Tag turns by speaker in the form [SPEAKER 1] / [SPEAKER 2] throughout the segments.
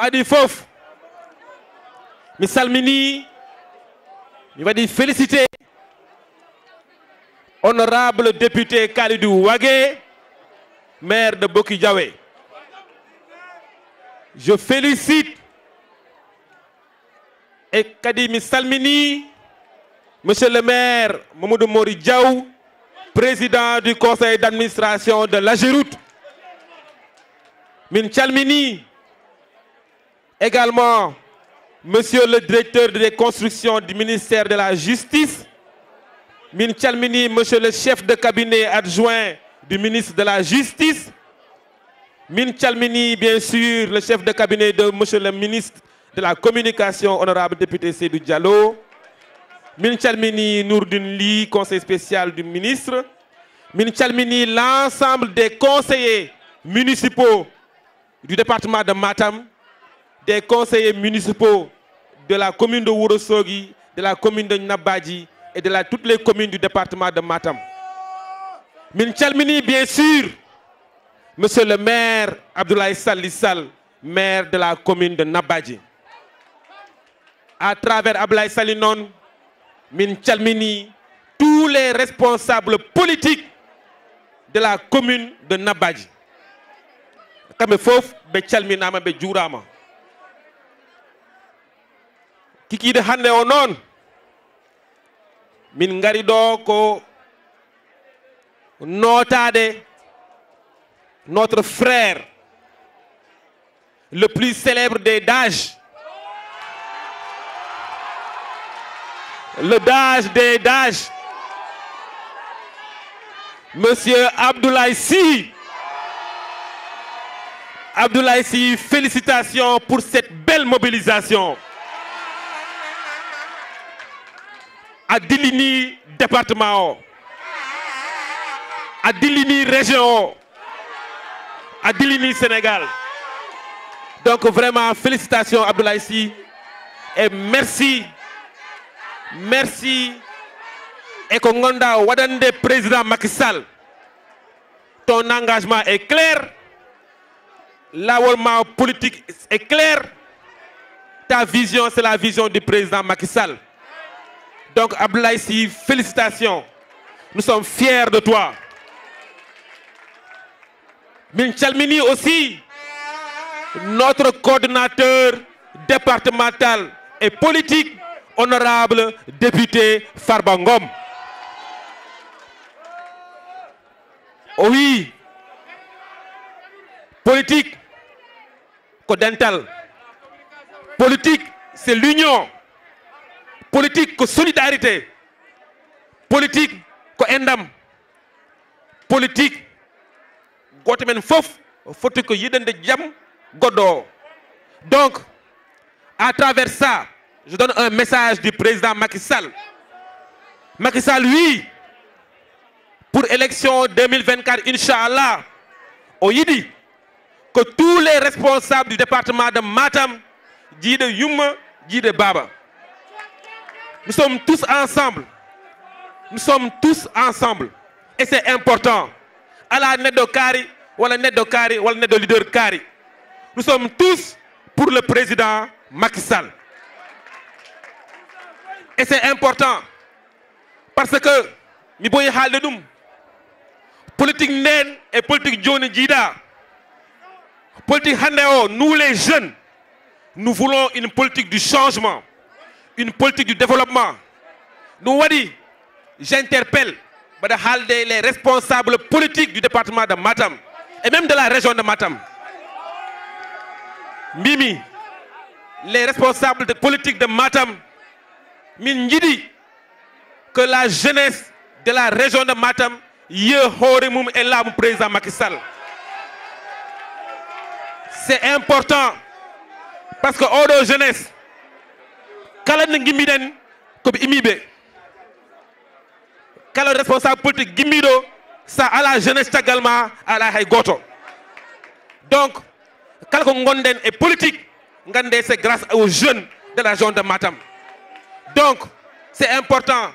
[SPEAKER 1] adi fof M. salmini va dire féliciter honorable député kalidou Wagé, maire de boki je félicite et kadi M. salmini monsieur le maire Mamoudou mori président du conseil d'administration de Giroute, M. Salmini. Également, Monsieur le directeur des constructions du ministère de la Justice, M. Monsieur le chef de cabinet adjoint du ministre de la Justice, M. bien sûr, le chef de cabinet de Monsieur le ministre de la Communication, honorable député Sédou Diallo, Minchalmini, Nourdin Li, conseil spécial du ministre, Minchalmini, l'ensemble des conseillers municipaux du département de Matam, des conseillers municipaux de la commune de Wurosogi, de la commune de Nabadji et de toutes les communes du département de Matam. Chalmini, bien sûr, monsieur le maire Abdoulaye Salissal, maire de la commune de Nabadji. À travers Abdoulaye Salinon, Chalmini, tous les responsables politiques de la commune de Nabadji de Hanne o non min ngari notade notre frère le plus célèbre des dages le dage des dages monsieur Abdoulaye Si, Abdoulaye Si, félicitations pour cette belle mobilisation Dilini département à Dilini région à Dilini sénégal donc vraiment félicitations Abdoulaye Sy et merci merci Et ko Wadande président macky ton engagement est clair l'avouement politique est clair ta vision c'est la vision du président Macky Sall donc Abdoulaye félicitations. Nous sommes fiers de toi. Minchalmini aussi, notre coordinateur départemental et politique, honorable député Farbangom. Oh oui, politique, codental. Politique, c'est l'union politique de solidarité politique ko endam politique de fof que ko yiɗande jaam donc à travers ça je donne un message du président Macky Sall Macky Sall lui, pour élection 2024 inchallah au Yidi, que tous les responsables du département de Matam jiiɗe Yumma Baba nous sommes tous ensemble. Nous sommes tous ensemble. Et c'est important. À la Kari, ou Kari, leader Kari. Nous sommes tous pour le président Macky Sall. Et c'est important. Parce que, nous avons politique naine et politique Johnny La Politique Haneo, nous les jeunes, nous voulons une politique du changement une politique du développement. Nous wadi, j'interpelle les responsables politiques du département de Matam et même de la région de Matam. Mimi, les responsables de politiques de Matam, dit que la jeunesse de la région de Matam, est là, président Macky C'est important parce que la Jeunesse, ɓerɗe ko koɓe imiɓe kala responsable politique gimmiɗo sa la jeunesse tagalma à la hay goto donc kala ko ngonden et politique gande c'est grâce aux jeunes de la zone de matam donc c'est important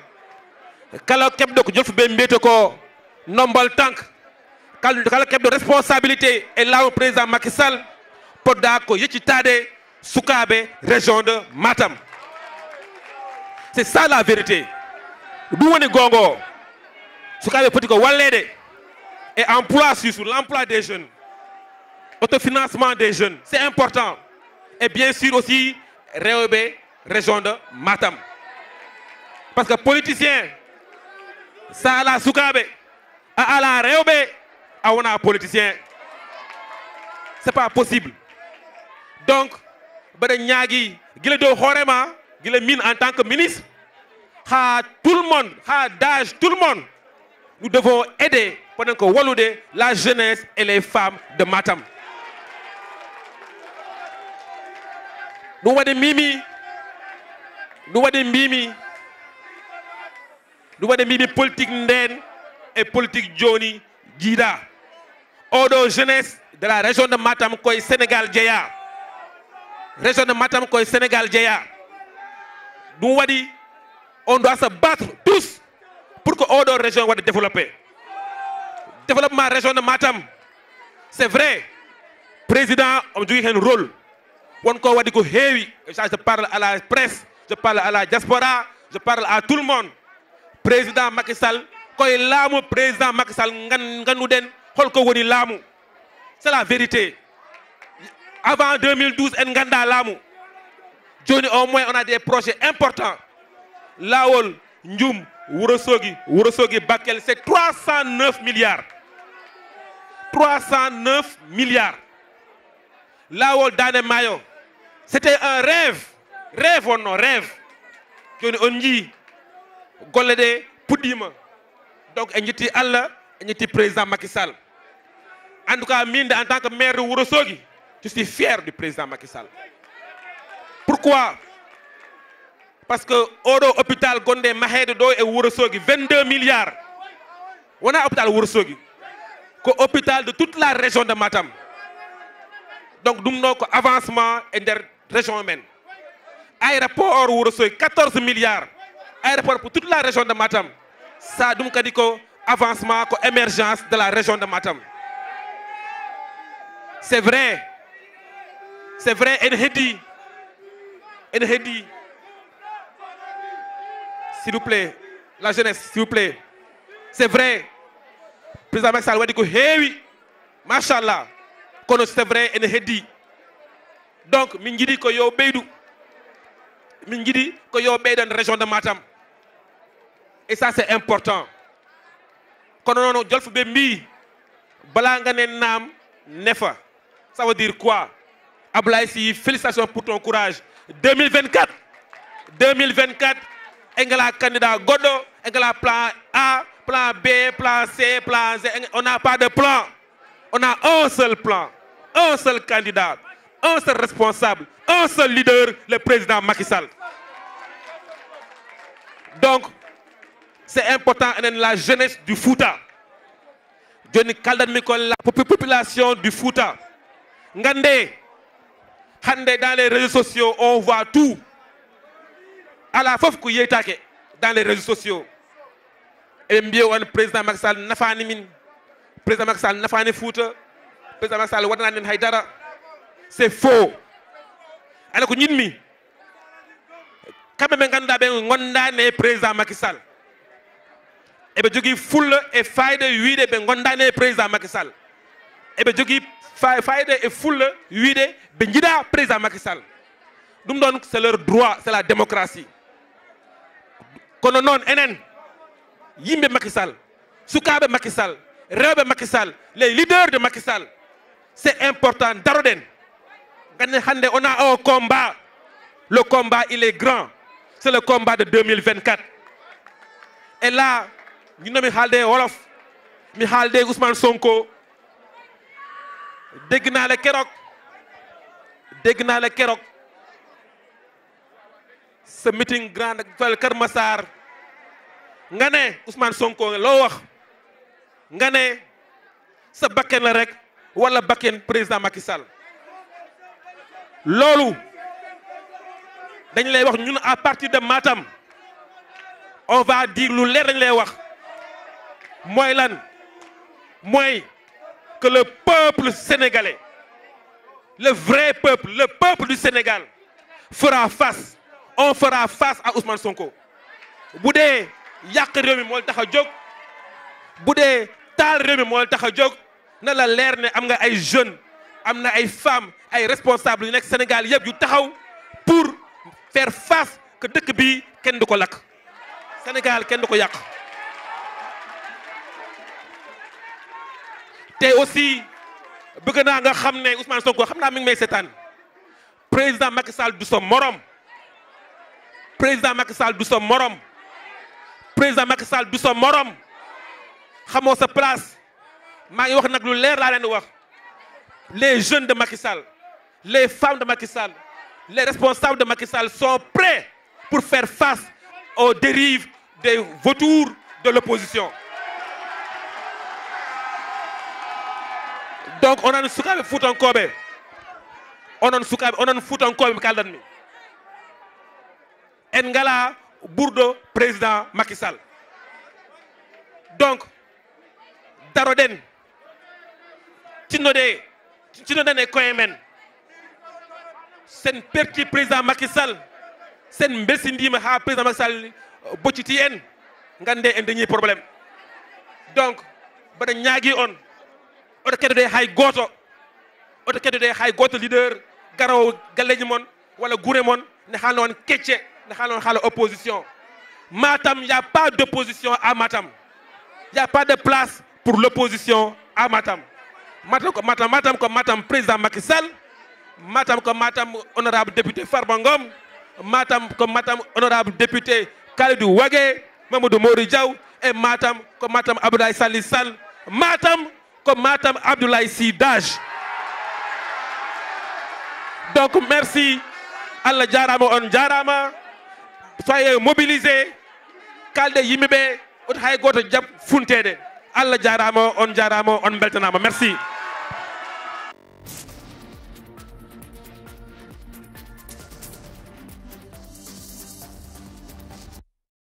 [SPEAKER 1] kala keɓɗo ko jolfuɓe mbiyete ko nombol tank kala de responsabilité là laamu président makisal poɗɗa ko tade sukaɓe région de matam c'est ça la vérité ɗum woni gonga o sukaɓe poti ko et emploi sur l'emploi des jeunes autofinancement des jeunes c'est important et bien sûr aussi Réobé, région de matam Parce que politicien la soukabe à a ala on a politiciens. politicien c'est pas possible donc mbaɗen ñaagui guila dow horema Guillemine en tant que ministre, à tout le monde, à d'âge, tout le monde, nous devons aider pendant que Waloudé, la jeunesse et les femmes de Matam. Nous voyons des mimi, nous voyons des mimi, nous voyons des mimi politique Nden et politique Johnny Gida. Odo jeunesse de la région de Matam, Koy Sénégal Djeya. Région de Matam, Koy Sénégal Djeya. Nous on doit se battre tous pour que régions région se développer. développement région de matam c'est vrai président on joue un rôle je parle à la presse je parle à la diaspora je parle à tout le monde président macky sall président macky sall c'est la vérité avant 2012 en ganda Johnny au moins on a des projets importants Laol, Ndioum Wurosogi, Wurosogi, Bakel c'est 309 milliards 309 milliards Laol, des Mayo, c'était un rêve rêve non rêve Johnny on dit, donc on dit allah on président Macky Sall en tout cas en tant que maire de Wurosogi, je suis fier du président Macky Sall pourquoi parce que l'hôpital hôpital Gondé maheede ɗo e Wurosogi, 22 milliards a hôpital Wurosogi. ko hôpital de toute la région de matam donc nous avons un avancement de la région humaine. aéroport 14 milliards aéroport pour toute la région de matam Ça a kadi un avancement ko émergence de la région de matam c'est vrai c'est vrai et heddi s'il vous plaît la jeunesse s'il vous plaît c'est vrai président Macky Sall que ko heewi Mashallah, kono c'est vrai ene heddi donc min jiiɗi ko yo ɓeydu min jiiɗi ko dans la région de matam et ça c'est important kono noon jolfo ɓe mbi bala nefa ça veut dire quoi Félicitations félicitations pour ton courage 2024 2024 a le candidat Godo. a le plan a plan b plan c plan z on n'a pas de plan on a un seul plan un seul candidat un seul responsable un seul leader le président Macky Sall donc c'est important la jeunesse du Fouta joni la population du Fouta ngande hande dans les réseaux sociaux on voit tout À la fof ko yeytake dans les réseaux sociaux Mbio, mbiya on président macky sall nafani min président macky sall nafani fouta président macky sall waɗanani en haydara c'est faux ala ko ñinmi kamɓe ɓe ganduɗa ɓe gondani e président macky sall eɓe jogui fulla e fayida wiide ɓe gondani e président macky sall eɓe jogui fayida et foule, benjida ɓe jiiɗa président Nous Nous que c'est leur droit c'est la démocratie kono enen yimbe Makissal, Soukabe Makissal, rebe Makissal, les leaders de Makissal, c'est important Daroden, on a un combat le combat il est grand c'est le combat de 2024 et là nous Olaf, Mihalde wolof mi ousmane sonko dégg le la keroog le meeting grand fal Kër Massar nga né Ousmane Sonko lo wax nga né sa bakken rek wala bakken président Macky Sall Nous dañ à partir de Matam on va dire lu nous dañ lay wax que le peuple sénégalais, le vrai peuple, le peuple du Sénégal, fera face. On fera face à Ousmane Sonko. bu yak yàq mol mi moo la tax a jóg bu dee taal na la ne am nga ay jeunes amna ay femmes ay responsables Sénégal yab yu taxaw pour faire face que de bi kenn Sénégal ken du aussi bëgg nga Ousmane Sonko mi président Macky Sall du sa morom président Macky Sall du sa morom président Macky Sall moram. sa morom sa place maa ngi wax nag lu leer les jeunes de Macky Sall les femmes de Macky Sall les responsables de Macky Sall sont prêts pour faire face aux dérives des vautours de l'opposition donc onon un fuutankoɓe on a onon fuutankoɓe On a en ngala on président makisal donc on Tinode, un e on C'est un petit président makisal sen ha président makisal euh, en gande un dañi problème. donc un nyagi on oto keddoɗe hay gooto oto keddoɗe hay gooto leader garowo galleji moon walla ne haalno on ne opposition matam y a pas d'opposition à matam y a pas de place pour l'opposition à matam matam comme matam matam matam président Macky Sall matam comme matam honorable député Farbangom, Ngom matam comme matam honorable député Kalidou Wagé. Mamadou Mori Diaw et matam comme matam Abdoulaye Salissal, Sall matam ko matam abdoulaye sy dage donc merci allah jarama on jarama soye mobilisé kalde yimɓeɓe ut hay goto jaab funtede allah jarama on jarama on beltanama merci